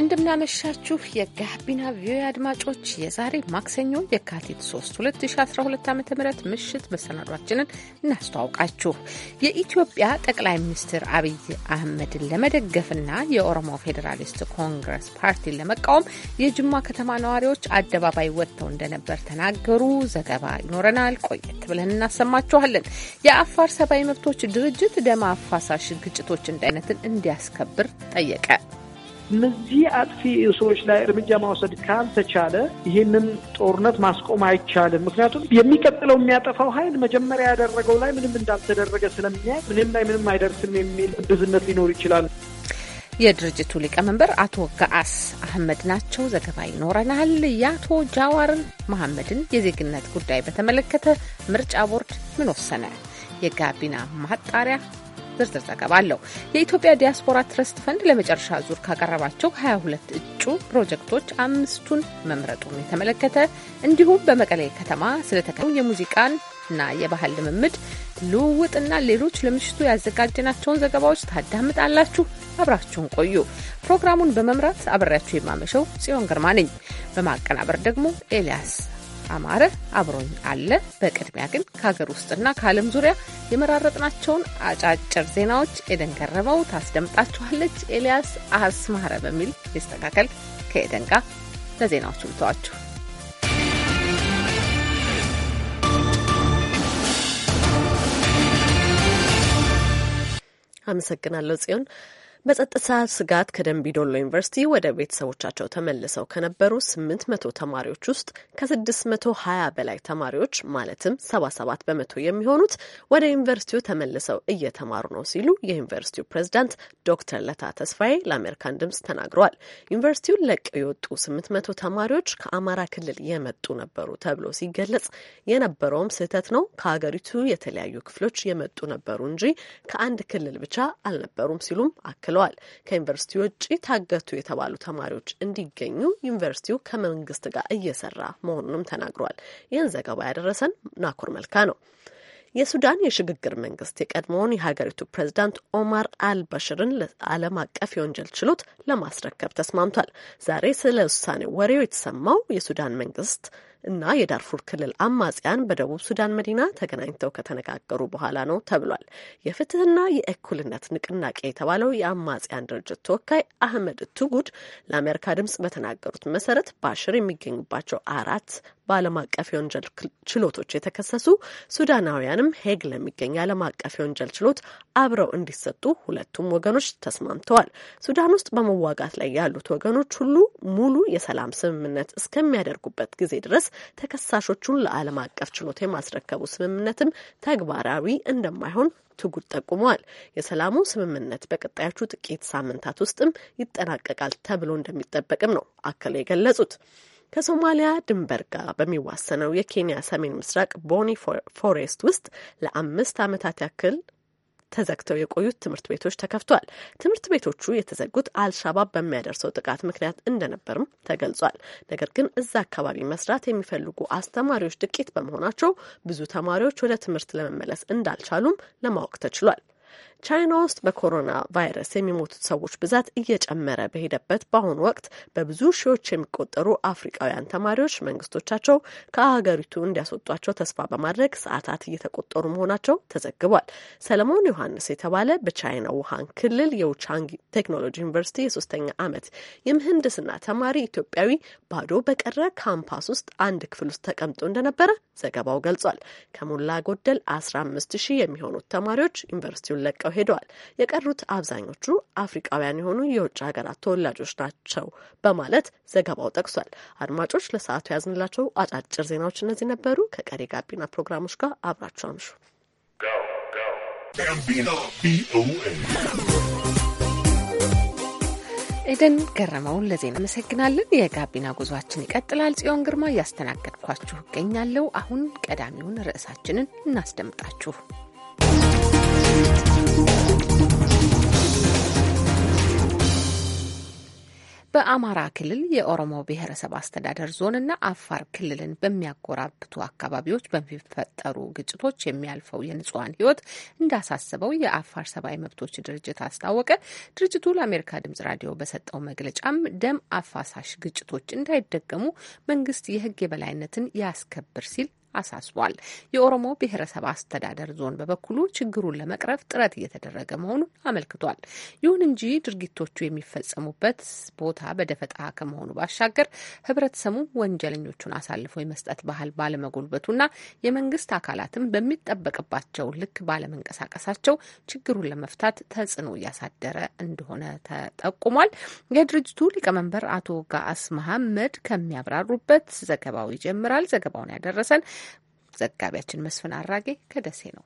እንደምናመሻችሁ የጋቢና ቪኦኤ አድማጮች የዛሬ ማክሰኞ የካቲት 3 2012 ዓ ም ምሽት መሰናዷችንን እናስተዋውቃችሁ። የኢትዮጵያ ጠቅላይ ሚኒስትር አብይ አህመድን ለመደገፍና የኦሮሞ ፌዴራሊስት ኮንግረስ ፓርቲን ለመቃወም የጅማ ከተማ ነዋሪዎች አደባባይ ወጥተው እንደነበር ተናገሩ። ዘገባ ይኖረናል። ቆየት ብለን እናሰማችኋለን። የአፋር ሰብአዊ መብቶች ድርጅት ደም አፋሳሽ ግጭቶች እንዳይነትን እንዲያስከብር ጠየቀ። እነዚህ አጥፊ ሰዎች ላይ እርምጃ ማውሰድ ካልተቻለ ይህንን ጦርነት ማስቆም አይቻልም። ምክንያቱም የሚቀጥለው የሚያጠፋው ኃይል መጀመሪያ ያደረገው ላይ ምንም እንዳልተደረገ ስለሚያይ ምንም ላይ ምንም አይደርስም የሚል ብዝነት ሊኖር ይችላል። የድርጅቱ ሊቀመንበር አቶ ገአስ አህመድ ናቸው። ዘገባ ይኖረናል። የአቶ ጃዋር መሐመድን የዜግነት ጉዳይ በተመለከተ ምርጫ ቦርድ ምን ወሰነ? የጋቢና ማጣሪያ ዝርዝር ዘገባ አለው። የኢትዮጵያ ዲያስፖራ ትረስት ፈንድ ለመጨረሻ ዙር ካቀረባቸው 22 እጩ ፕሮጀክቶች አምስቱን መምረጡን የተመለከተ እንዲሁም በመቀሌ ከተማ ስለተከሉ የሙዚቃን እና የባህል ልምምድ ልውውጥና ሌሎች ለምሽቱ ያዘጋጀናቸውን ዘገባዎች ታዳምጣላችሁ። አብራችሁን ቆዩ። ፕሮግራሙን በመምራት አብሬያችሁ የማመሸው ጽዮን ግርማ ነኝ። በማቀናበር ደግሞ ኤልያስ አማረ አብሮኝ አለ። በቅድሚያ ግን ከሀገር ውስጥና ከዓለም ዙሪያ የመራረጥናቸውን አጫጭር ዜናዎች ኤደን ገረመው ታስደምጣችኋለች። ኤልያስ አስማረ በሚል ይስተካከል ከኤደን ጋር ለዜናዎቹ ልተዋችሁ። አመሰግናለሁ ጽዮን። በጸጥታ ስጋት ከደንቢዶሎ ዩኒቨርሲቲ ወደ ቤተሰቦቻቸው ተመልሰው ከነበሩ 800 መቶ ተማሪዎች ውስጥ ከ መቶ በላይ ተማሪዎች ማለትም 77 በመቶ የሚሆኑት ወደ ዩኒቨርሲቲው ተመልሰው እየተማሩ ነው ሲሉ የዩኒቨርሲቲው ፕሬዚዳንት ዶክተር ለታ ተስፋዬ ለአሜሪካን ድምጽ ተናግረዋል። ዩኒቨርሲቲውን ለቀው የወጡ 800 ተማሪዎች ከአማራ ክልል የመጡ ነበሩ ተብሎ ሲገለጽ የነበረውም ስህተት ነው። ከሀገሪቱ የተለያዩ ክፍሎች የመጡ ነበሩ እንጂ ከአንድ ክልል ብቻ አልነበሩም ሲሉም አክለው አክለዋል። ከዩኒቨርሲቲ ውጭ ታገቱ የተባሉ ተማሪዎች እንዲገኙ ዩኒቨርሲቲው ከመንግስት ጋር እየሰራ መሆኑንም ተናግሯል። ይህን ዘገባ ያደረሰን ናኩር መልካ ነው። የሱዳን የሽግግር መንግስት የቀድሞውን የሀገሪቱ ፕሬዚዳንት ኦማር አልበሽርን ለዓለም አቀፍ የወንጀል ችሎት ለማስረከብ ተስማምቷል። ዛሬ ስለ ውሳኔው ወሬው የተሰማው የሱዳን መንግስት እና የዳርፉር ክልል አማጽያን በደቡብ ሱዳን መዲና ተገናኝተው ከተነጋገሩ በኋላ ነው ተብሏል። የፍትህና የእኩልነት ንቅናቄ የተባለው የአማጽያን ድርጅት ተወካይ አህመድ ቱጉድ ለአሜሪካ ድምጽ በተናገሩት መሰረት ባሽር የሚገኙባቸው አራት በዓለም አቀፍ የወንጀል ችሎቶች የተከሰሱ ሱዳናውያንም ሄግ ለሚገኝ ዓለም አቀፍ የወንጀል ችሎት አብረው እንዲሰጡ ሁለቱም ወገኖች ተስማምተዋል። ሱዳን ውስጥ በመዋጋት ላይ ያሉት ወገኖች ሁሉ ሙሉ የሰላም ስምምነት እስከሚያደርጉበት ጊዜ ድረስ ተከሳሾቹን ለዓለም አቀፍ ችሎት የማስረከቡ ስምምነትም ተግባራዊ እንደማይሆን ትጉት ጠቁመዋል። የሰላሙ ስምምነት በቀጣዮቹ ጥቂት ሳምንታት ውስጥም ይጠናቀቃል ተብሎ እንደሚጠበቅም ነው አክለው የገለጹት። ከሶማሊያ ድንበር ጋር በሚዋሰነው የኬንያ ሰሜን ምስራቅ ቦኒ ፎሬስት ውስጥ ለአምስት ዓመታት ያክል ተዘግተው የቆዩት ትምህርት ቤቶች ተከፍተዋል። ትምህርት ቤቶቹ የተዘጉት አልሻባብ በሚያደርሰው ጥቃት ምክንያት እንደነበርም ተገልጿል። ነገር ግን እዛ አካባቢ መስራት የሚፈልጉ አስተማሪዎች ጥቂት በመሆናቸው ብዙ ተማሪዎች ወደ ትምህርት ለመመለስ እንዳልቻሉም ለማወቅ ተችሏል። ቻይና ውስጥ በኮሮና ቫይረስ የሚሞቱት ሰዎች ብዛት እየጨመረ በሄደበት በአሁኑ ወቅት በብዙ ሺዎች የሚቆጠሩ አፍሪቃውያን ተማሪዎች መንግስቶቻቸው ከሀገሪቱ እንዲያስወጧቸው ተስፋ በማድረግ ሰዓታት እየተቆጠሩ መሆናቸው ተዘግቧል። ሰለሞን ዮሐንስ የተባለ በቻይና ውሃን ክልል የውቻንግ ቴክኖሎጂ ዩኒቨርሲቲ የሶስተኛ ዓመት የምህንድስና ተማሪ ኢትዮጵያዊ ባዶ በቀረ ካምፓስ ውስጥ አንድ ክፍል ውስጥ ተቀምጦ እንደነበረ ዘገባው ገልጿል። ከሞላ ጎደል አስራ አምስት ሺህ የሚሆኑት ተማሪዎች ዩኒቨርሲቲውን ለቀው ሄደዋል። የቀሩት አብዛኞቹ አፍሪቃውያን የሆኑ የውጭ ሀገራት ተወላጆች ናቸው በማለት ዘገባው ጠቅሷል። አድማጮች ለሰዓቱ ያዝንላቸው አጫጭር ዜናዎች እነዚህ ነበሩ። ከቀሪ ጋቢና ፕሮግራሞች ጋር አብራችሁ አምሹ። ኤደን ገረመውን ለዜና አመሰግናለን። የጋቢና ጉዟችን ይቀጥላል። ጽዮን ግርማ እያስተናገድኳችሁ እገኛለሁ። አሁን ቀዳሚውን ርዕሳችንን እናስደምጣችሁ። በአማራ ክልል የኦሮሞ ብሔረሰብ አስተዳደር ዞንና አፋር ክልልን በሚያጎራብቱ አካባቢዎች በሚፈጠሩ ግጭቶች የሚያልፈው የንጹሐን ሕይወት እንዳሳሰበው የአፋር ሰብአዊ መብቶች ድርጅት አስታወቀ። ድርጅቱ ለአሜሪካ ድምጽ ራዲዮ በሰጠው መግለጫም ደም አፋሳሽ ግጭቶች እንዳይደገሙ መንግስት የህግ የበላይነትን ያስከብር ሲል አሳስቧል። የኦሮሞ ብሔረሰብ አስተዳደር ዞን በበኩሉ ችግሩን ለመቅረፍ ጥረት እየተደረገ መሆኑን አመልክቷል። ይሁን እንጂ ድርጊቶቹ የሚፈጸሙበት ቦታ በደፈጣ ከመሆኑ ባሻገር ህብረተሰቡ ወንጀለኞቹን አሳልፎ የመስጠት ባህል ባለመጎልበቱና የመንግስት አካላትም በሚጠበቅባቸው ልክ ባለመንቀሳቀሳቸው ችግሩን ለመፍታት ተጽዕኖ እያሳደረ እንደሆነ ተጠቁሟል። የድርጅቱ ሊቀመንበር አቶ ጋአስ መሐመድ ከሚያብራሩበት ዘገባው ይጀምራል። ዘገባውን ያደረሰን ዘጋቢያችን መስፍን አራጌ ከደሴ ነው።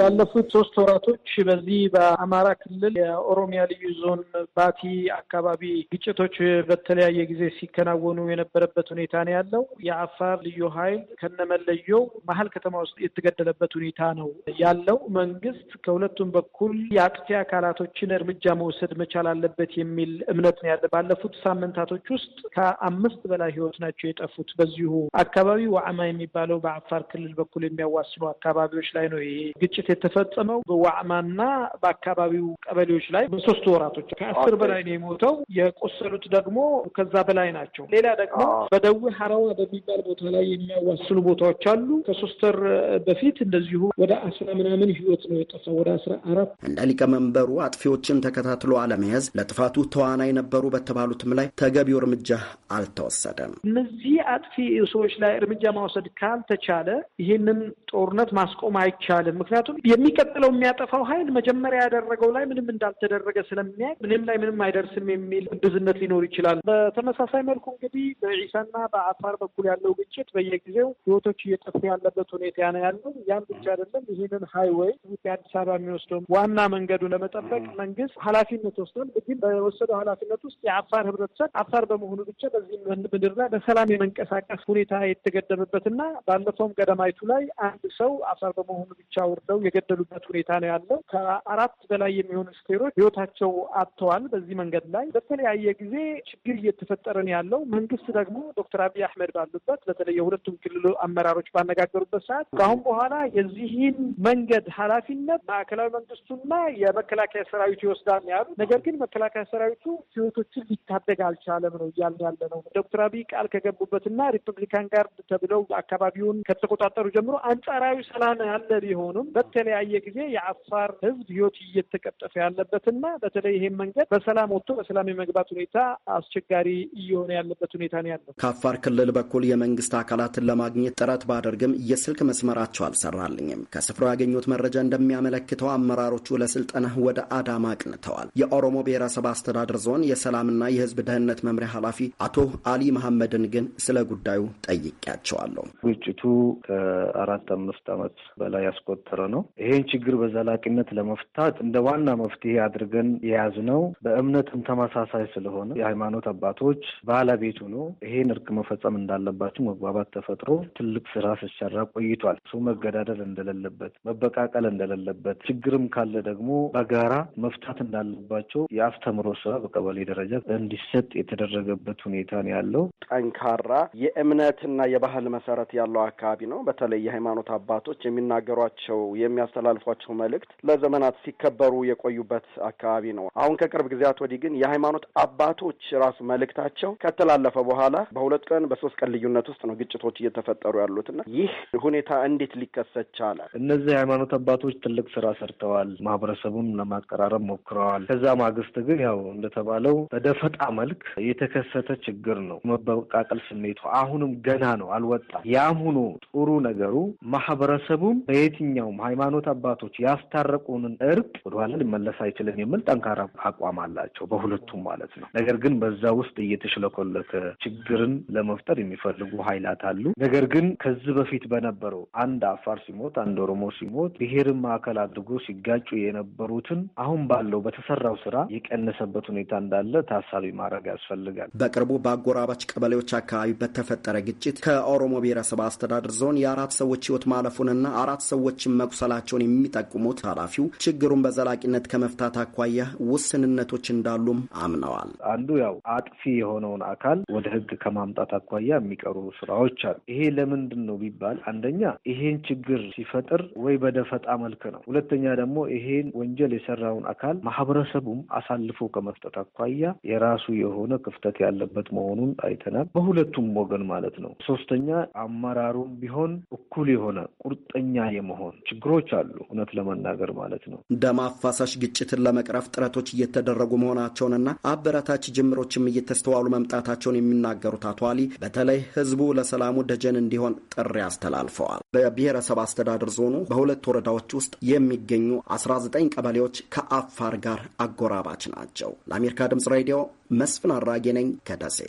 ላለፉት ሶስት ወራቶች በዚህ በአማራ ክልል የኦሮሚያ ልዩ ዞን ባቲ አካባቢ ግጭቶች በተለያየ ጊዜ ሲከናወኑ የነበረበት ሁኔታ ነው ያለው። የአፋር ልዩ ኃይል ከነመለየው መሀል ከተማ ውስጥ የተገደለበት ሁኔታ ነው ያለው። መንግስት ከሁለቱም በኩል የአጥፊ አካላቶችን እርምጃ መውሰድ መቻል አለበት የሚል እምነት ነው ያለ። ባለፉት ሳምንታቶች ውስጥ ከአምስት በላይ ህይወት ናቸው የጠፉት በዚሁ አካባቢ ዋዕማ የሚባለው በአፋር ክልል በኩል የሚያዋስኑ አካባቢዎች ላይ ነው ይሄ ግጭት ክምችት የተፈጸመው በዋዕማና በአካባቢው ቀበሌዎች ላይ በሶስት ወራቶች ከአስር በላይ ነው የሞተው። የቆሰሉት ደግሞ ከዛ በላይ ናቸው። ሌላ ደግሞ በደዌ ሀራዋ በሚባል ቦታ ላይ የሚያዋስኑ ቦታዎች አሉ። ከሶስት ወር በፊት እንደዚሁ ወደ አስራ ምናምን ህይወት ነው የጠፋው ወደ አስራ አራት እንደ ሊቀመንበሩ አጥፊዎችን ተከታትሎ አለመያዝ ለጥፋቱ ተዋናይ ነበሩ በተባሉትም ላይ ተገቢው እርምጃ አልተወሰደም። እነዚህ አጥፊ ሰዎች ላይ እርምጃ ማውሰድ ካልተቻለ ይህንን ጦርነት ማስቆም አይቻልም። ምክንያቱም ምክንያቱም የሚቀጥለው የሚያጠፋው ኃይል መጀመሪያ ያደረገው ላይ ምንም እንዳልተደረገ ስለሚያይ ምንም ላይ ምንም አይደርስም የሚል ግብዝነት ሊኖር ይችላል። በተመሳሳይ መልኩ እንግዲህ በኢሳና በአፋር በኩል ያለው ግጭት በየጊዜው ህይወቶች እየጠፉ ያለበት ሁኔታ ነው ያለው። ያም ብቻ አይደለም። ይህንን ሀይወይ አዲስ አበባ የሚወስደው ዋና መንገዱን ለመጠበቅ መንግስት ኃላፊነት ወስዷል። ግን በወሰደው ኃላፊነት ውስጥ የአፋር ህብረተሰብ አፋር በመሆኑ ብቻ በዚህ ምድር ላይ በሰላም የመንቀሳቀስ ሁኔታ የተገደበበትና ባለፈውም ገደማይቱ ላይ አንድ ሰው አፋር በመሆኑ ብቻ ወርደው የገደሉበት ሁኔታ ነው ያለው። ከአራት በላይ የሚሆኑ ስቴሮች ህይወታቸው አጥተዋል። በዚህ መንገድ ላይ በተለያየ ጊዜ ችግር እየተፈጠረ ነው ያለው። መንግስት ደግሞ ዶክተር አብይ አህመድ ባሉበት በተለይ የሁለቱም ክልል አመራሮች ባነጋገሩበት ሰዓት ከአሁን በኋላ የዚህን መንገድ ኃላፊነት ማዕከላዊ መንግስቱና የመከላከያ ሰራዊቱ ይወስዳል ያሉ፣ ነገር ግን መከላከያ ሰራዊቱ ህይወቶችን ሊታደግ አልቻለም ነው እያልን ያለ ነው። ዶክተር አብይ ቃል ከገቡበትና ሪፐብሊካን ጋርድ ተብለው አካባቢውን ከተቆጣጠሩ ጀምሮ አንጻራዊ ሰላም ያለ ቢሆንም በተለያየ ጊዜ የአፋር ህዝብ ህይወት እየተቀጠፈ ያለበትና በተለይ ይሄን መንገድ በሰላም ወጥቶ በሰላም የመግባት ሁኔታ አስቸጋሪ እየሆነ ያለበት ሁኔታ ነው ያለው። ከአፋር ክልል በኩል የመንግስት አካላትን ለማግኘት ጥረት ባደርግም የስልክ መስመራቸው አልሰራልኝም። ከስፍራው ያገኙት መረጃ እንደሚያመለክተው አመራሮቹ ለስልጠና ወደ አዳማ አቅንተዋል። የኦሮሞ ብሔረሰብ አስተዳደር ዞን የሰላምና የህዝብ ደህንነት መምሪያ ኃላፊ አቶ አሊ መሐመድን ግን ስለ ጉዳዩ ጠይቄያቸዋለሁ። ግጭቱ ከአራት አምስት ዓመት በላይ ያስቆጠረ ነው። ነው። ይሄን ችግር በዘላቂነት ለመፍታት እንደ ዋና መፍትሄ አድርገን የያዝነው በእምነትም ተመሳሳይ ስለሆነ የሃይማኖት አባቶች ባለቤቱ ነው ይሄን እርቅ መፈጸም እንዳለባቸው መግባባት ተፈጥሮ ትልቅ ስራ ሲሰራ ቆይቷል። ሰው መገዳደል እንደሌለበት፣ መበቃቀል እንደሌለበት፣ ችግርም ካለ ደግሞ በጋራ መፍታት እንዳለባቸው የአስተምሮ ስራ በቀበሌ ደረጃ እንዲሰጥ የተደረገበት ሁኔታ ነው ያለው። ጠንካራ የእምነትና የባህል መሰረት ያለው አካባቢ ነው። በተለይ የሃይማኖት አባቶች የሚናገሯቸው የሚያስተላልፏቸው መልእክት ለዘመናት ሲከበሩ የቆዩበት አካባቢ ነው። አሁን ከቅርብ ጊዜያት ወዲህ ግን የሃይማኖት አባቶች ራሱ መልእክታቸው ከተላለፈ በኋላ በሁለት ቀን በሶስት ቀን ልዩነት ውስጥ ነው ግጭቶች እየተፈጠሩ ያሉትና ይህ ሁኔታ እንዴት ሊከሰት ቻለ? እነዚህ የሃይማኖት አባቶች ትልቅ ስራ ሰርተዋል። ማህበረሰቡን ለማቀራረብ ሞክረዋል። ከዛ ማግስት ግን ያው እንደተባለው በደፈጣ መልክ የተከሰተ ችግር ነው። መበቃቀል ስሜቱ አሁንም ገና ነው፣ አልወጣም። ያም ሆኖ ጥሩ ነገሩ ማህበረሰቡም በየትኛውም ሃይማኖት አባቶች ያስታረቁንን እርቅ ወደኋላ ሊመለስ አይችልም የሚል ጠንካራ አቋም አላቸው በሁለቱም ማለት ነው። ነገር ግን በዛ ውስጥ እየተሽለኮለከ ችግርን ለመፍጠር የሚፈልጉ ኃይላት አሉ። ነገር ግን ከዚህ በፊት በነበረው አንድ አፋር ሲሞት፣ አንድ ኦሮሞ ሲሞት ብሔርን ማዕከል አድርጎ ሲጋጩ የነበሩትን አሁን ባለው በተሰራው ስራ የቀነሰበት ሁኔታ እንዳለ ታሳቢ ማድረግ ያስፈልጋል። በቅርቡ በአጎራባች ቀበሌዎች አካባቢ በተፈጠረ ግጭት ከኦሮሞ ብሔረሰብ አስተዳደር ዞን የአራት ሰዎች ህይወት ማለፉንና አራት ሰዎችን መቁሰ መቁሰላቸውን የሚጠቁሙት ኃላፊው ችግሩን በዘላቂነት ከመፍታት አኳያ ውስንነቶች እንዳሉም አምነዋል። አንዱ ያው አጥፊ የሆነውን አካል ወደ ህግ ከማምጣት አኳያ የሚቀሩ ስራዎች አሉ። ይሄ ለምንድን ነው ቢባል አንደኛ ይሄን ችግር ሲፈጥር ወይ በደፈጣ መልክ ነው። ሁለተኛ ደግሞ ይሄን ወንጀል የሰራውን አካል ማህበረሰቡም አሳልፎ ከመስጠት አኳያ የራሱ የሆነ ክፍተት ያለበት መሆኑን አይተናል፣ በሁለቱም ወገን ማለት ነው። ሶስተኛ አመራሩም ቢሆን እኩል የሆነ ቁርጠኛ የመሆን ችግሩ ችግሮች አሉ፣ እውነት ለመናገር ማለት ነው። ደም አፋሳሽ ግጭትን ለመቅረፍ ጥረቶች እየተደረጉ መሆናቸውንና አበረታች ጅምሮችም እየተስተዋሉ መምጣታቸውን የሚናገሩት አቶ አሊ በተለይ ህዝቡ ለሰላሙ ደጀን እንዲሆን ጥሪ አስተላልፈዋል። በብሔረሰብ አስተዳደር ዞኑ በሁለት ወረዳዎች ውስጥ የሚገኙ 19 ቀበሌዎች ከአፋር ጋር አጎራባች ናቸው። ለአሜሪካ ድምጽ ሬዲዮ መስፍን አራጌ ነኝ ከደሴ።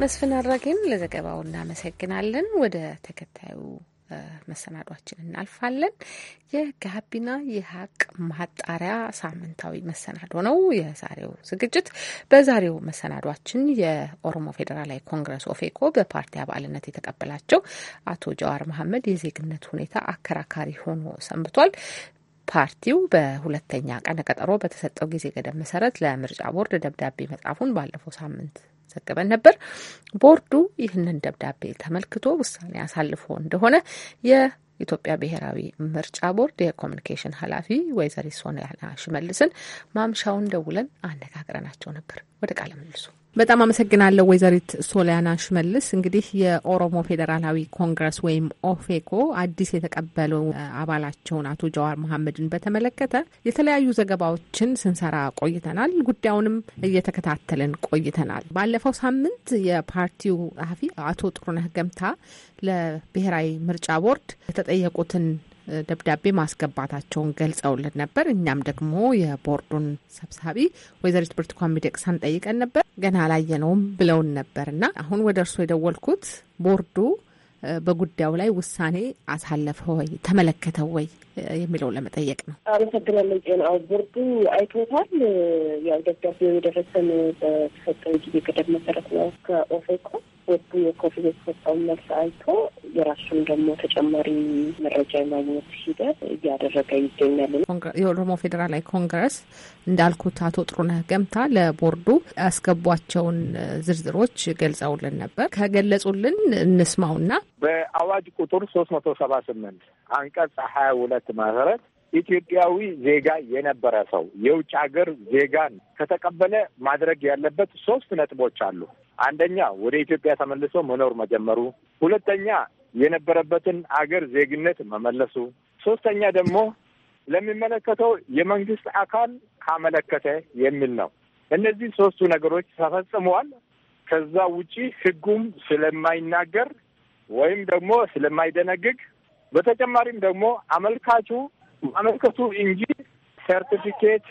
መስፍን አድራጌን ለዘገባው እናመሰግናለን። ወደ ተከታዩ መሰናዷችን እናልፋለን። የጋቢና የሀቅ ማጣሪያ ሳምንታዊ መሰናዶ ነው የዛሬው ዝግጅት። በዛሬው መሰናዷችን የኦሮሞ ፌዴራላዊ ኮንግረስ ኦፌኮ በፓርቲ አባልነት የተቀበላቸው አቶ ጀዋር መሐመድ የዜግነት ሁኔታ አከራካሪ ሆኖ ሰንብቷል። ፓርቲው በሁለተኛ ቀነ ቀጠሮ በተሰጠው ጊዜ ገደብ መሰረት ለምርጫ ቦርድ ደብዳቤ መጻፉን ባለፈው ሳምንት ዘግበን ነበር። ቦርዱ ይህንን ደብዳቤ ተመልክቶ ውሳኔ አሳልፎ እንደሆነ የኢትዮጵያ ብሔራዊ ምርጫ ቦርድ የኮሚኒኬሽን ኃላፊ ወይዘሪት ሶሊያና ሽመልስን ማምሻውን ደውለን አነጋግረናቸው ነበር። ወደ ቃለ መልሱ በጣም አመሰግናለሁ ወይዘሪት ሶሊያና ሽመልስ። እንግዲህ የኦሮሞ ፌዴራላዊ ኮንግረስ ወይም ኦፌኮ አዲስ የተቀበለው አባላቸውን አቶ ጀዋር መሐመድን በተመለከተ የተለያዩ ዘገባዎችን ስንሰራ ቆይተናል። ጉዳዩንም እየተከታተልን ቆይተናል። ባለፈው ሳምንት የፓርቲው ጸሐፊ አቶ ጥሩነህ ገምታ ለብሔራዊ ምርጫ ቦርድ የተጠየቁትን ደብዳቤ ማስገባታቸውን ገልጸውልን ነበር። እኛም ደግሞ የቦርዱን ሰብሳቢ ወይዘሪት ብርቱካን ሚደቅሳን ጠይቀን ነበር። ገና አላየነውም ብለውን ነበርና አሁን ወደ እርሱ የደወልኩት ቦርዱ በጉዳዩ ላይ ውሳኔ አሳለፈ ወይ ተመለከተ ወይ የሚለው ለመጠየቅ ነው። አመሰግናለሁ። ጤና ቦርዱ አይቶታል። ያው ደብዳቤው የደረሰን በተሰጠው ጊዜ ገደብ መሰረት ነው ከኦፌኮ ቦርዱ የኮፊ የተሰጠውን መልስ አይቶ የራሱን ደግሞ ተጨማሪ መረጃ የማግኘት ሂደት እያደረገ ይገኛል። የኦሮሞ ፌዴራላዊ ኮንግረስ እንዳልኩት አቶ ጥሩነህ ገምታ ለቦርዱ ያስገቧቸውን ዝርዝሮች ገልጸውልን ነበር። ከገለጹልን እንስማውና በአዋጅ ቁጥር ሶስት መቶ ሰባ ስምንት አንቀጽ ሀያ ሁለት መሰረት ኢትዮጵያዊ ዜጋ የነበረ ሰው የውጭ ሀገር ዜጋን ከተቀበለ ማድረግ ያለበት ሶስት ነጥቦች አሉ። አንደኛ ወደ ኢትዮጵያ ተመልሶ መኖር መጀመሩ፣ ሁለተኛ የነበረበትን አገር ዜግነት መመለሱ፣ ሶስተኛ ደግሞ ለሚመለከተው የመንግስት አካል ካመለከተ የሚል ነው። እነዚህ ሶስቱ ነገሮች ተፈጽመዋል። ከዛ ውጪ ህጉም ስለማይናገር ወይም ደግሞ ስለማይደነግግ በተጨማሪም ደግሞ አመልካቹ ማመልከቱ እንጂ ሰርቲፊኬት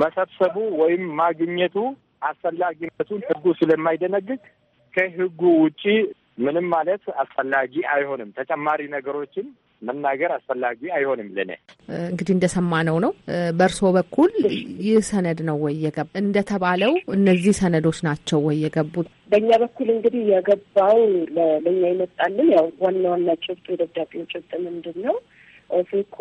መሰብሰቡ ወይም ማግኘቱ አስፈላጊነቱን ህጉ ስለማይደነግግ ከህጉ ውጪ ምንም ማለት አስፈላጊ አይሆንም። ተጨማሪ ነገሮችን መናገር አስፈላጊ አይሆንም። ለእኔ እንግዲህ እንደሰማነው ነው። በእርስዎ በኩል ይህ ሰነድ ነው ወይ የገባ እንደተባለው እነዚህ ሰነዶች ናቸው ወይ የገቡት? በእኛ በኩል እንግዲህ የገባው ለእኛ ይመጣልን ያው ዋና ዋና ጭብጡ የደብዳቤው ጭብጥ ምንድን ነው ኦፌኮ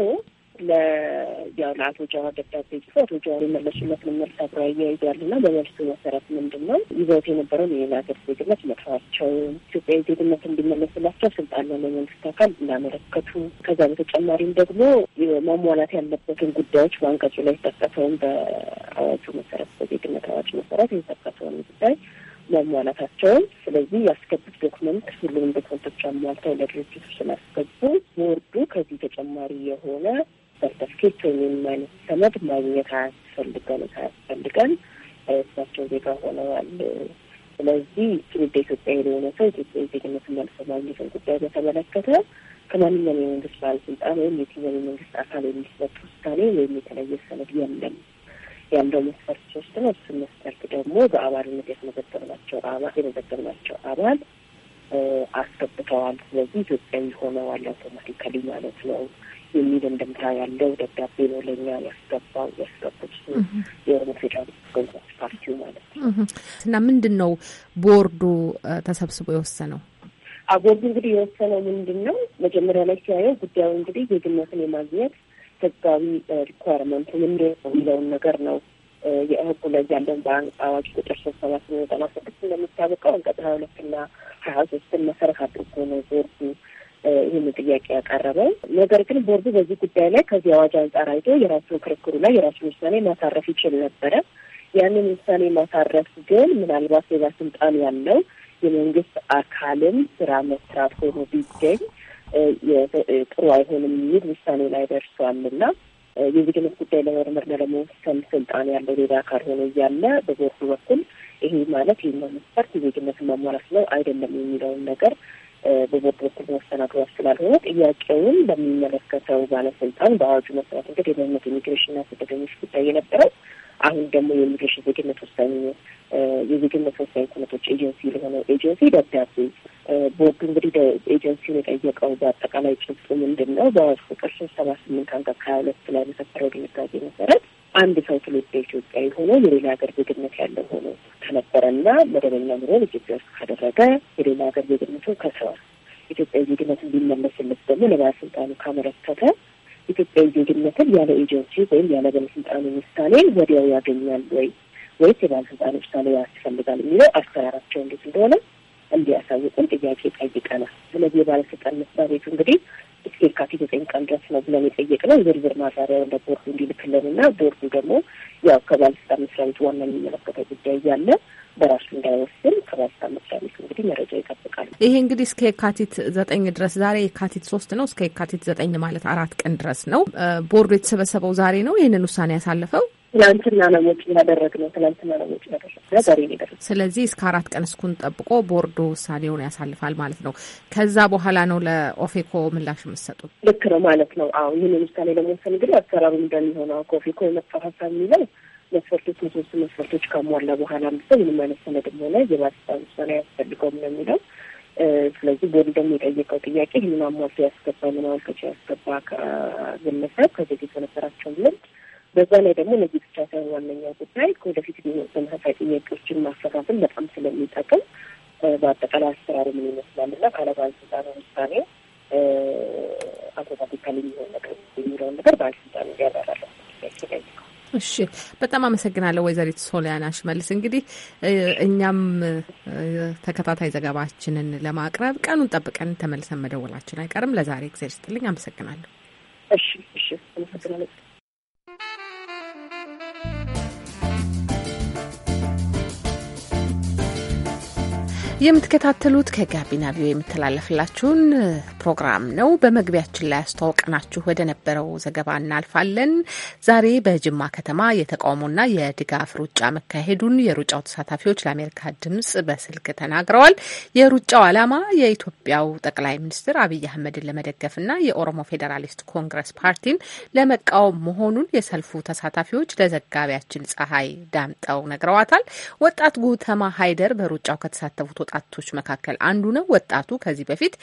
ለዲያውላት ወጃዋ ደብዳቤ ጽፎት ወጃዋ የመለሱለት መመልስ አብሮ አያይዟል እና በመልሱ መሰረት ምንድን ነው ይዘውት የነበረውን የሌላ ሀገር ዜግነት መጥፋቸውን፣ ኢትዮጵያዊ ዜግነት እንዲመለስላቸው ስልጣን ነው ለመንግስት አካል እንዳመለከቱ፣ ከዛ በተጨማሪም ደግሞ ማሟላት ያለበትን ጉዳዮች በአንቀጹ ላይ የተጠቀሰውን በአዋጁ መሰረት በዜግነት አዋጅ መሰረት የተጠቀሰውን ጉዳይ መሟላታቸውን ስለዚህ ያስገቡት ዶክመንት ሁሉንም ዶክመንቶች አሟልተው ለድርጅቱ ስላስገቡ ቦርዱ ከዚህ ተጨማሪ የሆነ ትኬት ወይም አይነት ሰነድ ማግኘት አያስፈልገን አያስፈልገን ራሳቸው ዜጋ ሆነዋል። ስለዚህ ትውልደ ኢትዮጵያ የሆነ ሰው ኢትዮጵያ ዜግነትን መልሶ ማግኘትን ጉዳይ በተመለከተ ከማንኛውም የመንግስት ባለስልጣን ወይም የትኛውም የመንግስት አካል የሚሰጥ ውሳኔ ወይም የተለየ ሰነድ የለም። ያለው መስፈርት ሶስት ነው። እሱን መስፈርት ደግሞ በአባልነት የተመዘገብናቸው አባል የመዘገብናቸው አባል አስገብተዋል። ስለዚህ ኢትዮጵያዊ ሆነዋል አውቶማቲካሊ ማለት ነው። የሚል እንደምታ ያለው ደብዳቤ ነው ለእኛ ያስገባው ያስገቡት የኦሮሞ ፌዴራል ኮንግረስ ፓርቲው ማለት ነው። እና ምንድን ነው ቦርዱ ተሰብስቦ የወሰነው? ቦርዱ እንግዲህ የወሰነው ምንድን ነው መጀመሪያ ላይ ሲያየው ጉዳዩ እንግዲህ የግነትን የማግኘት ህጋዊ ሪኳርመንቱ ምንድን ነው የሚለውን ነገር ነው የህጉ ላይ ያለን በአዋጅ ቁጥር ሶስት ሰባት ዘጠና ስድስት እንደሚታወቀው አንቀጽ ሀያ ሁለትና ሀያ ሶስትን መሰረት አድርጎ ነው ቦርዱ ይህን ጥያቄ ያቀረበው። ነገር ግን ቦርዱ በዚህ ጉዳይ ላይ ከዚህ አዋጅ አንጻር አይቶ የራሱን ክርክሩ ላይ የራሱን ውሳኔ ማሳረፍ ይችል ነበረ። ያንን ውሳኔ ማሳረፍ ግን ምናልባት ሌላ ስልጣን ያለው የመንግስት አካልም ስራ መስራት ሆኖ ቢገኝ ጥሩ አይሆንም የሚል ውሳኔ ላይ ደርሷል እና የዜግነት ጉዳይ ለመርመርና ለመወሰን ስልጣን ያለው ሌላ አካል ሆኖ እያለ በቦርዱ በኩል ይሄ ማለት ይህ መስፈርት የዜግነትን መሟላት ነው አይደለም የሚለውን ነገር በቦርድ በኩል መስተናግሯል ስላልሆነ ጥያቄውን በሚመለከተው ባለስልጣን በአዋጁ መሰረት እንግዲህ የደህንነት ኢሚግሬሽንና ስደተኞች ጉዳይ የነበረው አሁን ደግሞ የኢሚግሬሽን ዜግነት ወሳኝ የዜግነት ወሳኝ ኩነቶች ኤጀንሲ ለሆነው ኤጀንሲ ደብዳቤ ቦርዱ እንግዲህ ኤጀንሲውን የጠየቀው በአጠቃላይ ጭብጡ ምንድን ነው? በአዋጅ ቁጥር ሶስት ሰባ ስምንት አንቀጽ ሀያ ሁለት ላይ በሰፈረው ድንጋጌ መሰረት አንድ ሰው ትውልደ ኢትዮጵያዊ ሆኖ የሌላ ሀገር ዜግነት ያለው ሆኖ ከነበረና መደበኛ ኑሮን ኢትዮጵያ ውስጥ ካደረገ የሌላ ሀገር ዜግነቱን ከሰዋል። ኢትዮጵያዊ ዜግነት እንዲመለስለት ደግሞ ለባለስልጣኑ ካመለከተ ኢትዮጵያዊ ዜግነትን ያለ ኤጀንሲ ወይም ያለ ባለስልጣኑ ውሳኔ ወዲያው ያገኛል ወይ ወይስ የባለስልጣኑ ውሳኔ ያስፈልጋል የሚለው አሰራራቸው እንዴት እንደሆነ እንዲያሳውቁን ጥያቄ ጠይቀናል። ስለዚህ የባለስልጣን መስሪያ ቤቱ እንግዲህ የካቲት ዘጠኝ ቀን ድረስ ነው ብለን የጠየቅነው ዝርዝር ቦርዱ እንዲልክልን እና ቦርዱ ደግሞ ያው ከባለስልጣን መስሪያ ዋና የሚመለከተው ጉዳይ እያለ በራሱ እንዳይወስን ከባለስልጣን መስሪያ እንግዲህ መረጃ ይጠብቃል። ይሄ እንግዲህ እስከ የካቲት ዘጠኝ ድረስ ዛሬ የካቲት ሶስት ነው። እስከ የካቲት ዘጠኝ ማለት አራት ቀን ድረስ ነው። ቦርዱ የተሰበሰበው ዛሬ ነው ይህንን ውሳኔ ያሳለፈው ትላንትና ነው ወጪ ነው። ትላንትና ነው ወጪ ነው። ዛሬ ሊደረግ ስለዚህ እስከ አራት ቀን እስኩን ጠብቆ ቦርዶ ውሳኔውን ያሳልፋል ማለት ነው። ከዛ በኋላ ነው ለኦፌኮ ምላሽ የምትሰጡት? ልክ ነው ማለት ነው። አዎ ይህን ውሳኔ ለመወሰን እንግዲህ አሰራሩ እንደሚሆነው ከኦፌኮ የመጣው ሀሳብ የሚለው መስፈርቶች መሶስት መስፈርቶች ከሟላ በኋላ ምስ ምንም አይነት ሰነድም ሆነ የማስታ ውሳኔ አያስፈልገውም ነው የሚለው ስለዚህ ቦርድ ደግሞ የጠየቀው ጥያቄ ይህንን አሟልቶ ያስገባ ምን ምናልከቸው ያስገባ ግለሰብ ከዚህ የተነበራቸውን ልምድ በዛ ላይ ደግሞ እነዚህ ብቻ ሳይሆን ዋነኛው ጉዳይ ወደፊት የሚመጡ ጥያቄዎችን ማስተካከል በጣም ስለሚጠቅም በአጠቃላይ አሰራሩ ምን ይመስላል እና ካለባለስልጣኑ ውሳኔ አውቶማቲካሊ የሚሆን ነገር የሚለውን ነገር ባለስልጣኑ ያበራለ እሺ በጣም አመሰግናለሁ ወይዘሪት ሶሊያና ሽመልስ። እንግዲህ እኛም ተከታታይ ዘገባችንን ለማቅረብ ቀኑን ጠብቀን ተመልሰን መደወላችን አይቀርም። ለዛሬ እግዜር ስጥልኝ፣ አመሰግናለሁ። እሺ እሺ፣ አመሰግናለሁ። የምትከታተሉት ከጋቢና ቪዮ የምተላለፍላችሁን ፕሮግራም ነው። በመግቢያችን ላይ ያስተዋወቅናችሁ ወደ ነበረው ዘገባ እናልፋለን። ዛሬ በጅማ ከተማ የተቃውሞና የድጋፍ ሩጫ መካሄዱን የሩጫው ተሳታፊዎች ለአሜሪካ ድምጽ በስልክ ተናግረዋል። የሩጫው ዓላማ የኢትዮጵያው ጠቅላይ ሚኒስትር አብይ አህመድን ለመደገፍና የኦሮሞ ፌዴራሊስት ኮንግረስ ፓርቲን ለመቃወም መሆኑን የሰልፉ ተሳታፊዎች ለዘጋቢያችን ፀሐይ ዳምጠው ነግረዋታል። ወጣት ጉተማ ሀይደር በሩጫው ከተሳተፉት ወጣቶች መካከል አንዱ ነው። ወጣቱ ከዚህ በፊት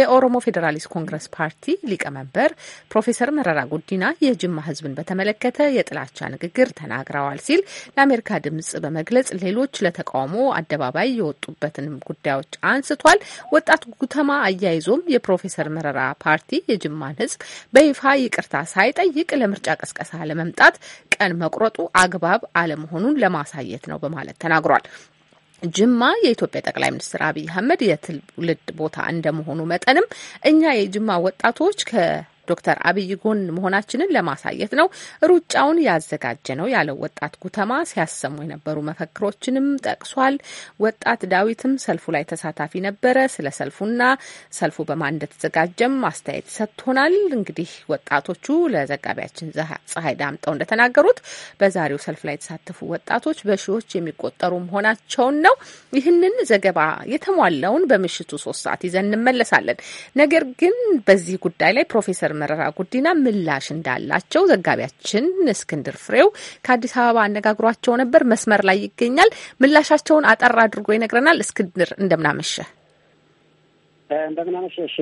የኦሮሞ ፌዴራሊስት ኮንግረስ ፓርቲ ሊቀመንበር ፕሮፌሰር መረራ ጉዲና የጅማ ህዝብን በተመለከተ የጥላቻ ንግግር ተናግረዋል ሲል ለአሜሪካ ድምጽ በመግለጽ ሌሎች ለተቃውሞ አደባባይ የወጡበትን ጉዳዮች አንስቷል። ወጣት ጉተማ አያይዞም የፕሮፌሰር መረራ ፓርቲ የጅማን ህዝብ በይፋ ይቅርታ ሳይጠይቅ ለምርጫ ቀስቀሳ ለመምጣት ቀን መቁረጡ አግባብ አለመሆኑን ለማሳየት ነው በማለት ተናግሯል። ጅማ የኢትዮጵያ ጠቅላይ ሚኒስትር አብይ አህመድ የትውልድ ቦታ እንደመሆኑ መጠንም እኛ የጅማ ወጣቶች ዶክተር አብይ ጎን መሆናችንን ለማሳየት ነው ሩጫውን ያዘጋጀ ነው ያለው ወጣት ጉተማ ሲያሰሙ የነበሩ መፈክሮችንም ጠቅሷል። ወጣት ዳዊትም ሰልፉ ላይ ተሳታፊ ነበረ። ስለ ሰልፉና ሰልፉ በማን እንደተዘጋጀም አስተያየት ሰጥቶናል። እንግዲህ ወጣቶቹ ለዘጋቢያችን ፀሐይ ዳምጠው እንደተናገሩት በዛሬው ሰልፍ ላይ የተሳተፉ ወጣቶች በሺዎች የሚቆጠሩ መሆናቸውን ነው። ይህንን ዘገባ የተሟላውን በምሽቱ ሶስት ሰዓት ይዘን እንመለሳለን። ነገር ግን በዚህ ጉዳይ ላይ ፕሮፌሰር መረራ ጉዲና ምላሽ እንዳላቸው ዘጋቢያችን እስክንድር ፍሬው ከአዲስ አበባ አነጋግሯቸው ነበር። መስመር ላይ ይገኛል። ምላሻቸውን አጠር አድርጎ ይነግረናል። እስክንድር እንደምናመሸ እንደምናመሸሽ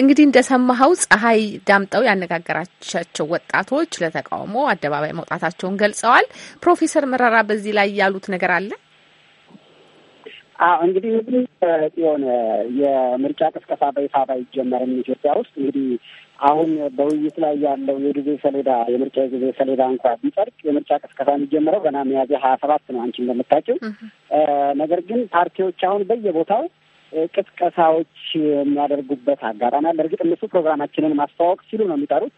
እንግዲህ እንደሰማኸው ፀሐይ ዳምጠው ያነጋገራቻቸው ወጣቶች ለተቃውሞ አደባባይ መውጣታቸውን ገልጸዋል። ፕሮፌሰር መረራ በዚህ ላይ ያሉት ነገር አለ? አዎ እንግዲህ ጽዮን፣ የምርጫ ቅስቀሳ በይፋ ባይጀመርም ኢትዮጵያ ውስጥ እንግዲህ አሁን በውይይት ላይ ያለው የጊዜ ሰሌዳ የምርጫ የጊዜ ሰሌዳ እንኳ ቢጸድቅ የምርጫ ቅስቀሳ የሚጀምረው ገና ሚያዝያ ሀያ ሰባት ነው። አንቺ እንደምታውቂው ነገር ግን ፓርቲዎች አሁን በየቦታው ቅስቀሳዎች የሚያደርጉበት አጋጣሚ አለ። እርግጥ እነሱ ፕሮግራማችንን ማስተዋወቅ ሲሉ ነው የሚጠሩት።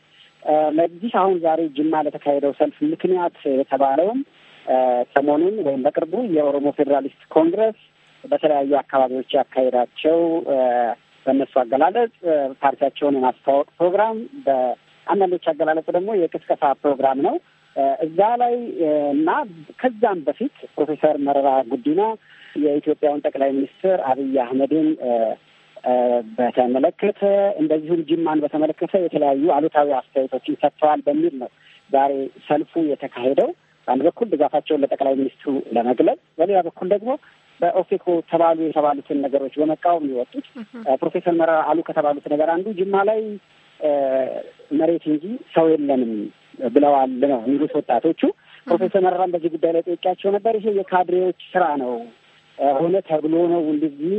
ለዚህ አሁን ዛሬ ጅማ ለተካሄደው ሰልፍ ምክንያት የተባለውም ሰሞኑን ወይም በቅርቡ የኦሮሞ ፌዴራሊስት ኮንግረስ በተለያዩ አካባቢዎች ያካሄዳቸው በእነሱ አገላለጽ ፓርቲያቸውን የማስተዋወቅ ፕሮግራም፣ በአንዳንዶች አገላለጽ ደግሞ የቅስቀሳ ፕሮግራም ነው። እዛ ላይ እና ከዛም በፊት ፕሮፌሰር መረራ ጉዲና የኢትዮጵያውን ጠቅላይ ሚኒስትር አብይ አህመድን በተመለከተ እንደዚሁም ጅማን በተመለከተ የተለያዩ አሉታዊ አስተያየቶችን ሰጥተዋል በሚል ነው ዛሬ ሰልፉ የተካሄደው። በአንድ በኩል ድጋፋቸውን ለጠቅላይ ሚኒስትሩ ለመግለጽ፣ በሌላ በኩል ደግሞ በኦፌኮ ተባሉ የተባሉትን ነገሮች በመቃወም ነው የወጡት። ፕሮፌሰር መረራ አሉ ከተባሉት ነገር አንዱ ጅማ ላይ መሬት እንጂ ሰው የለንም ብለዋል ነው የሚሉት ወጣቶቹ። ፕሮፌሰር መረራን በዚህ ጉዳይ ላይ ጠይቄያቸው ነበር። ይሄ የካድሬዎች ስራ ነው፣ ሆነ ተብሎ ነው እንደዚህ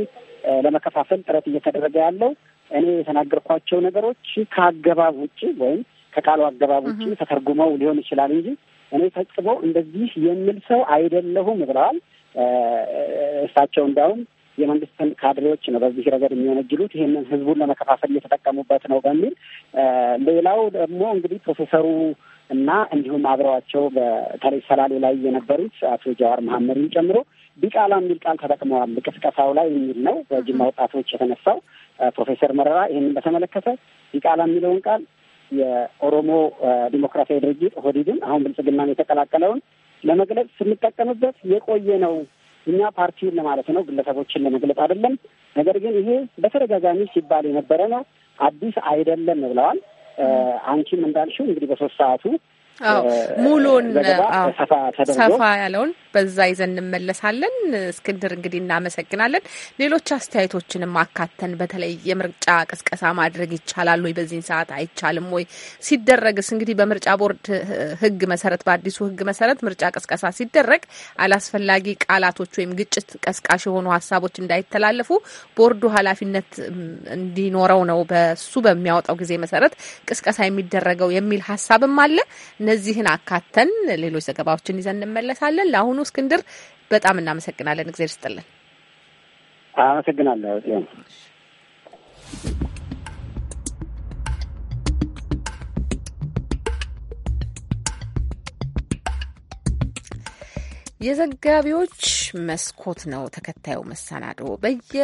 ለመከፋፈል ጥረት እየተደረገ ያለው። እኔ የተናገርኳቸው ነገሮች ከአገባብ ውጭ ወይም ከቃሉ አገባብ ውጭ ተተርጉመው ሊሆን ይችላል እንጂ እኔ ፈጽሞ እንደዚህ የሚል ሰው አይደለሁም ብለዋል። እሳቸው እንዲያውም የመንግስትን ካድሬዎች ነው በዚህ ረገድ የሚወነጅሉት። ይህንን ህዝቡን ለመከፋፈል እየተጠቀሙበት ነው በሚል ሌላው ደግሞ እንግዲህ ፕሮፌሰሩ እና እንዲሁም አብረዋቸው በተለይ ሰላሌ ላይ የነበሩት አቶ ጀዋር መሐመድን ጨምሮ ቢቃላ የሚል ቃል ተጠቅመዋል ቅስቀሳው ላይ የሚል ነው በጅማ ወጣቶች የተነሳው። ፕሮፌሰር መረራ ይህንን በተመለከተ ቢቃላ የሚለውን ቃል የኦሮሞ ዲሞክራሲያዊ ድርጅት ኦህዴድን አሁን ብልጽግናን የተቀላቀለውን ለመግለጽ ስንጠቀምበት የቆየ ነው። እኛ ፓርቲን ለማለት ነው፣ ግለሰቦችን ለመግለጽ አይደለም። ነገር ግን ይሄ በተደጋጋሚ ሲባል የነበረ ነው፣ አዲስ አይደለም ብለዋል። አንቺም እንዳልሽው እንግዲህ በሶስት ሰዓቱ ሙሉን ሰፋ ያለውን በዛ ይዘን እንመለሳለን። እስክንድር እንግዲህ እናመሰግናለን። ሌሎች አስተያየቶችንም አካተን በተለይ የምርጫ ቅስቀሳ ማድረግ ይቻላል ወይ፣ በዚህን ሰዓት አይቻልም ወይ፣ ሲደረግስ እንግዲህ በምርጫ ቦርድ ሕግ መሰረት በአዲሱ ሕግ መሰረት ምርጫ ቅስቀሳ ሲደረግ አላስፈላጊ ቃላቶች ወይም ግጭት ቀስቃሽ የሆኑ ሀሳቦች እንዳይተላለፉ ቦርዱ ኃላፊነት እንዲኖረው ነው በሱ በሚያወጣው ጊዜ መሰረት ቅስቀሳ የሚደረገው የሚል ሀሳብም አለ። እነዚህን አካተን ሌሎች ዘገባዎችን ይዘን እንመለሳለን። ለአሁኑ እስክንድር በጣም እናመሰግናለን። እግዜር ስጥልን። አመሰግናለሁ። የዘጋቢዎች መስኮት ነው ተከታዩ መሰናዶ በየ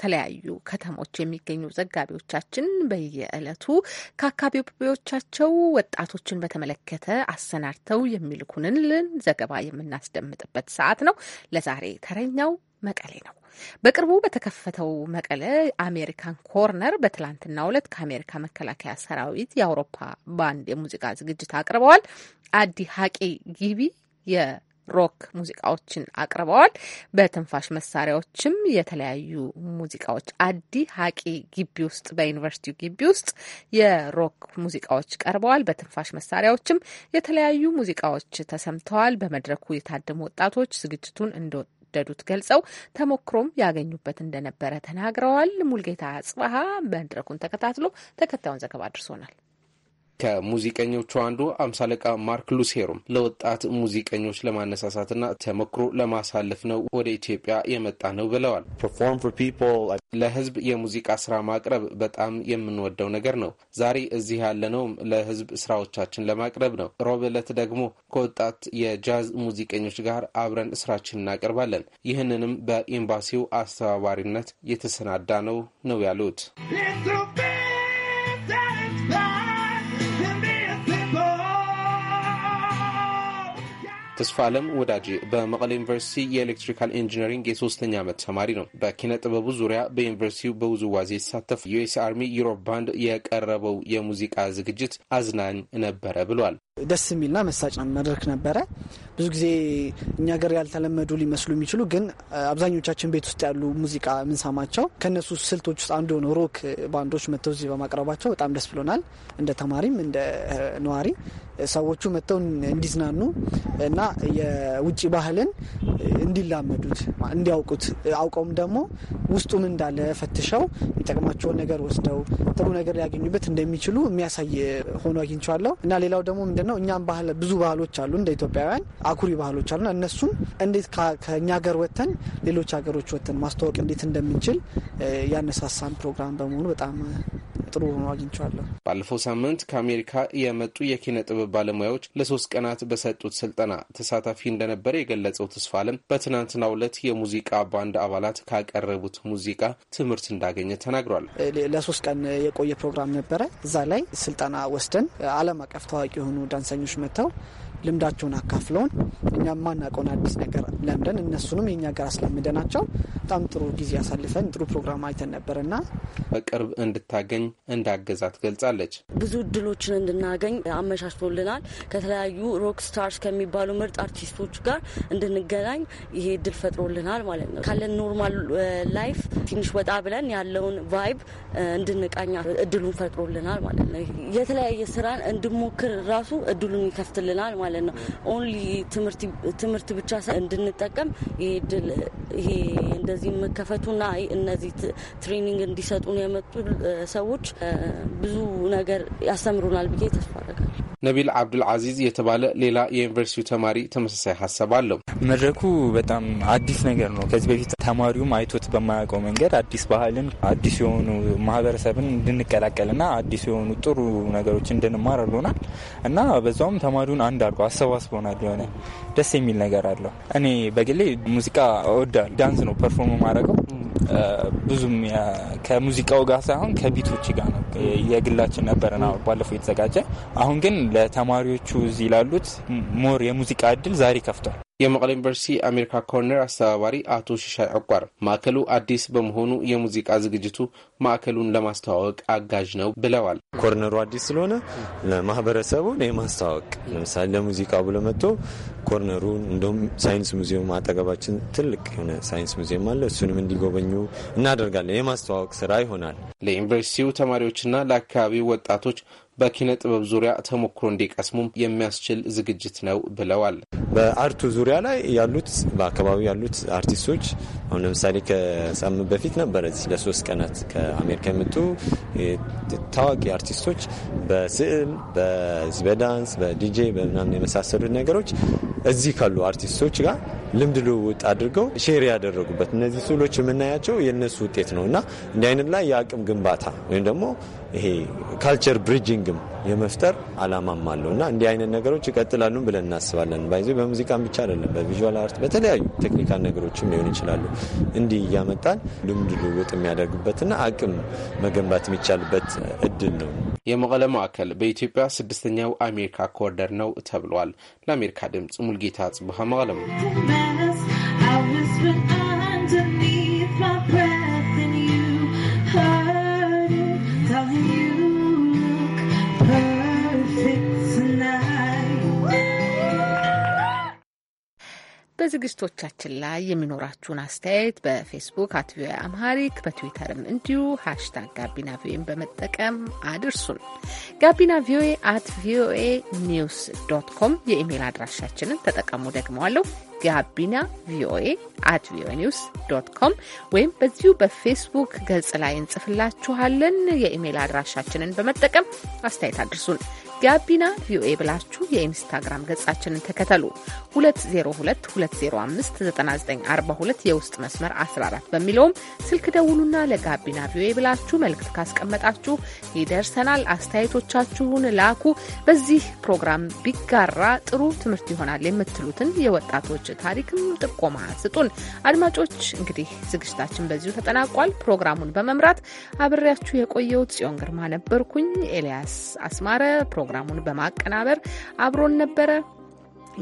ከተለያዩ ከተሞች የሚገኙ ዘጋቢዎቻችን በየዕለቱ ከአካባቢዎቻቸው ወጣቶችን በተመለከተ አሰናድተው የሚልኩንን ዘገባ የምናስደምጥበት ሰዓት ነው። ለዛሬ ተረኛው መቀሌ ነው። በቅርቡ በተከፈተው መቀለ አሜሪካን ኮርነር በትላንትናው ዕለት ከአሜሪካ መከላከያ ሰራዊት የአውሮፓ ባንድ የሙዚቃ ዝግጅት አቅርበዋል። አዲ ሀቂ ጊቢ ሮክ ሙዚቃዎችን አቅርበዋል። በትንፋሽ መሳሪያዎችም የተለያዩ ሙዚቃዎች አዲ ሀቂ ግቢ ውስጥ በዩኒቨርሲቲው ግቢ ውስጥ የሮክ ሙዚቃዎች ቀርበዋል። በትንፋሽ መሳሪያዎችም የተለያዩ ሙዚቃዎች ተሰምተዋል። በመድረኩ የታደሙ ወጣቶች ዝግጅቱን እንደወደዱት ገልጸው ተሞክሮም ያገኙበት እንደነበረ ተናግረዋል። ሙልጌታ ጽበሀ መድረኩን ተከታትሎ ተከታዩን ዘገባ አድርሶናል። ከሙዚቀኞቹ አንዱ አምሳለቃ ማርክ ሉሴሩም ለወጣት ሙዚቀኞች ለማነሳሳትና ተመክሮ ለማሳለፍ ነው ወደ ኢትዮጵያ የመጣ ነው ብለዋል። ለህዝብ የሙዚቃ ስራ ማቅረብ በጣም የምንወደው ነገር ነው። ዛሬ እዚህ ያለነውም ለህዝብ ስራዎቻችን ለማቅረብ ነው። ሮብ ዕለት ደግሞ ከወጣት የጃዝ ሙዚቀኞች ጋር አብረን ስራችን እናቀርባለን። ይህንንም በኤምባሲው አስተባባሪነት የተሰናዳ ነው ነው ያሉት። ተስፋ አለም ወዳጅ በመቀለ ዩኒቨርሲቲ የኤሌክትሪካል ኢንጂነሪንግ የሶስተኛ ዓመት ተማሪ ነው። በኪነ ጥበቡ ዙሪያ በዩኒቨርሲቲው በውዝዋዜ የተሳተፈ ዩኤስ አርሚ ዩሮፕ ባንድ የቀረበው የሙዚቃ ዝግጅት አዝናኝ ነበረ ብሏል። ደስ የሚልና መሳጭ መድረክ ነበረ። ብዙ ጊዜ እኛ ገር ያልተለመዱ ሊመስሉ የሚችሉ ግን አብዛኞቻችን ቤት ውስጥ ያሉ ሙዚቃ የምንሰማቸው ከእነሱ ስልቶች ውስጥ አንዱ የሆነው ሮክ ባንዶች መጥተው እዚህ በማቅረባቸው በጣም ደስ ብሎናል። እንደ ተማሪም እንደ ነዋሪ ሰዎቹ መጥተው እንዲዝናኑ እና የውጭ ባህልን እንዲላመዱት እንዲያውቁት አውቀውም ደግሞ ውስጡም እንዳለ ፈትሸው የሚጠቅማቸውን ነገር ወስደው ጥሩ ነገር ሊያገኙበት እንደሚችሉ የሚያሳይ ሆኖ አግኝቸዋለሁ እና ሌላው ደግሞ ምንድ ምንድን ነው እኛም ባህል ብዙ ባህሎች አሉ እንደ ኢትዮጵያውያን አኩሪ ባህሎች አሉ እነሱም እንዴት ከእኛ ሀገር ወተን ሌሎች ሀገሮች ወተን ማስተዋወቅ እንዴት እንደምንችል ያነሳሳን ፕሮግራም በመሆኑ በጣም ጥሩ ሆኖ አግኝቸዋለሁ። ባለፈው ሳምንት ከአሜሪካ የመጡ የኪነ ጥበብ ባለሙያዎች ለሶስት ቀናት በሰጡት ስልጠና ተሳታፊ እንደነበረ የገለጸው ተስፋ አለም በትናንትናው ዕለት የሙዚቃ ባንድ አባላት ካቀረቡት ሙዚቃ ትምህርት እንዳገኘ ተናግሯል። ለሶስት ቀን የቆየ ፕሮግራም ነበረ። እዛ ላይ ስልጠና ወስደን ዓለም አቀፍ ታዋቂ የሆኑ ዳንሰኞች መጥተው ልምዳቸውን አካፍለውን እኛ የማናውቀውን አዲስ ነገር ለምደን እነሱንም የኛ ሀገር አስለምደናቸው በጣም ጥሩ ጊዜ አሳልፈን ጥሩ ፕሮግራም አይተን ነበር እና በቅርብ እንድታገኝ እንዳገዛ ትገልጻለች። ብዙ እድሎችን እንድናገኝ አመቻችቶልናል። ከተለያዩ ሮክ ስታርስ ከሚባሉ ምርጥ አርቲስቶች ጋር እንድንገናኝ ይሄ እድል ፈጥሮልናል ማለት ነው። ካለን ኖርማል ላይፍ ትንሽ ወጣ ብለን ያለውን ቫይብ እንድንቃኛ እድሉን ፈጥሮልናል ማለት ነው። የተለያየ ስራን እንድሞክር ራሱ እድሉን ይከፍትልናል ማለት ነው። ማለት ነው። ኦንሊ ትምህርት ብቻ እንድንጠቀም ይድል ይሄ እንደዚህ መከፈቱና እነዚህ ትሬኒንግ እንዲሰጡን የመጡ ሰዎች ብዙ ነገር ያስተምሩናል ብዬ ተስፋ አደርጋለሁ። ነቢል አዚዝ የተባለ ሌላ የዩኒቨርሲቲ ተማሪ ተመሳሳይ ሀሳብ አለው። መድረኩ በጣም አዲስ ነገር ነው። ከዚህ በፊት ተማሪውም አይቶት በማያውቀው መንገድ አዲስ ባህልን፣ አዲስ የሆኑ ማህበረሰብን እንድንቀላቀልና አዲስ የሆኑ ጥሩ ነገሮች እንድንማር አድርጎናል እና በዛውም ተማሪውን አንድ አድርጎ አሰባስቦናል። የሆነ ደስ የሚል ነገር አለው። እኔ በግሌ ሙዚቃ ወዳል ዳንስ ነው ፐርፎርም ማድረገው ብዙም ከሙዚቃው ጋር ሳይሆን ከቢቶች ጋር ነው። የግላችን ነበረና ባለፈው የተዘጋጀ አሁን ግን ለተማሪዎቹ እዚህ ላሉት ሞር የሙዚቃ እድል ዛሬ ከፍቷል። የመቀለ ዩኒቨርሲቲ አሜሪካ ኮርነር አስተባባሪ አቶ ሽሻይ ዕቋር ማዕከሉ አዲስ በመሆኑ የሙዚቃ ዝግጅቱ ማዕከሉን ለማስተዋወቅ አጋዥ ነው ብለዋል። ኮርነሩ አዲስ ስለሆነ ለማህበረሰቡን የማስተዋወቅ ለምሳሌ ለሙዚቃ ብሎ መጥቶ ኮርነሩ እንደውም ሳይንስ ሙዚየም አጠገባችን ትልቅ የሆነ ሳይንስ ሙዚየም አለ። እሱንም እንዲጎበኙ እናደርጋለን። የማስተዋወቅ ስራ ይሆናል። ለዩኒቨርሲቲው ተማሪዎችና ለአካባቢው ወጣቶች በኪነ ጥበብ ዙሪያ ተሞክሮ እንዲቀስሙም የሚያስችል ዝግጅት ነው ብለዋል። በአርቱ ዙሪያ ላይ ያሉት በአካባቢው ያሉት አርቲስቶች አሁን ለምሳሌ ከሳምንት በፊት ነበረ ለሶስት ቀናት ከአሜሪካ የመጡ ታዋቂ አርቲስቶች በስዕል፣ በዝበዳንስ፣ በዳንስ፣ በዲጄ በምናምን የመሳሰሉት ነገሮች እዚህ ካሉ አርቲስቶች ጋር ልምድ ልውውጥ አድርገው ሼር ያደረጉበት እነዚህ ስዕሎች የምናያቸው የእነሱ ውጤት ነው እና እንዲህ አይነት ላይ የአቅም ግንባታ ወይም ደግሞ ይሄ ካልቸር ብሪጅንግም የመፍጠር አላማም አለው እና እንዲህ አይነት ነገሮች ይቀጥላሉ ብለን እናስባለን። ባይዚ በሙዚቃም ብቻ አይደለም፣ በቪዥዋል አርት፣ በተለያዩ ቴክኒካል ነገሮችም ሊሆን ይችላሉ። እንዲህ እያመጣን ልምድ ልውውጥ የሚያደርጉበትና አቅም መገንባት የሚቻልበት እድል ነው። የመቀለ ማዕከል በኢትዮጵያ ስድስተኛው አሜሪካ ኮሪደር ነው ተብሏል። ለአሜሪካ ድምፅ ሙልጌታ ጽቡሃ መቀለም በዝግጅቶቻችን ላይ የሚኖራችሁን አስተያየት በፌስቡክ አት ቪኦኤ አምሃሪክ በትዊተርም እንዲሁ ሃሽታግ ጋቢና ቪኦኤን በመጠቀም አድርሱን። ጋቢና ቪኦኤ አት ቪኦኤ ኒውስ ዶት ኮም የኢሜይል አድራሻችንን ተጠቀሙ። ደግመዋለሁ፣ ጋቢና ቪኦኤ አት ቪኦኤ ኒውስ ዶት ኮም ወይም በዚሁ በፌስቡክ ገጽ ላይ እንጽፍላችኋለን። የኢሜይል አድራሻችንን በመጠቀም አስተያየት አድርሱን። ጋቢና ቪኦኤ ብላችሁ የኢንስታግራም ገጻችንን ተከተሉ። 2022059942 የውስጥ መስመር 14 በሚለውም ስልክ ደውሉና ለጋቢና ቪኦኤ ብላችሁ መልእክት ካስቀመጣችሁ ይደርሰናል። አስተያየቶቻችሁን ላኩ። በዚህ ፕሮግራም ቢጋራ ጥሩ ትምህርት ይሆናል የምትሉትን የወጣቶች ታሪክም ጥቆማ ስጡን። አድማጮች እንግዲህ ዝግጅታችን በዚሁ ተጠናቋል። ፕሮግራሙን በመምራት አብሬያችሁ የቆየሁት ጽዮን ግርማ ነበርኩኝ። ኤልያስ አስማረ ፕሮግራሙን በማቀናበር አብሮን ነበረ።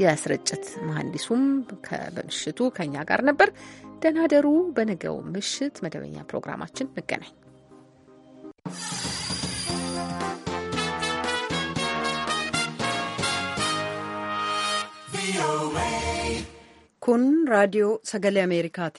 የስርጭት መሐንዲሱም በምሽቱ ከኛ ጋር ነበር። ደናደሩ በነገው ምሽት መደበኛ ፕሮግራማችን እንገናኝ። ኩን ራዲዮ ሰገሌ አሜሪካቲ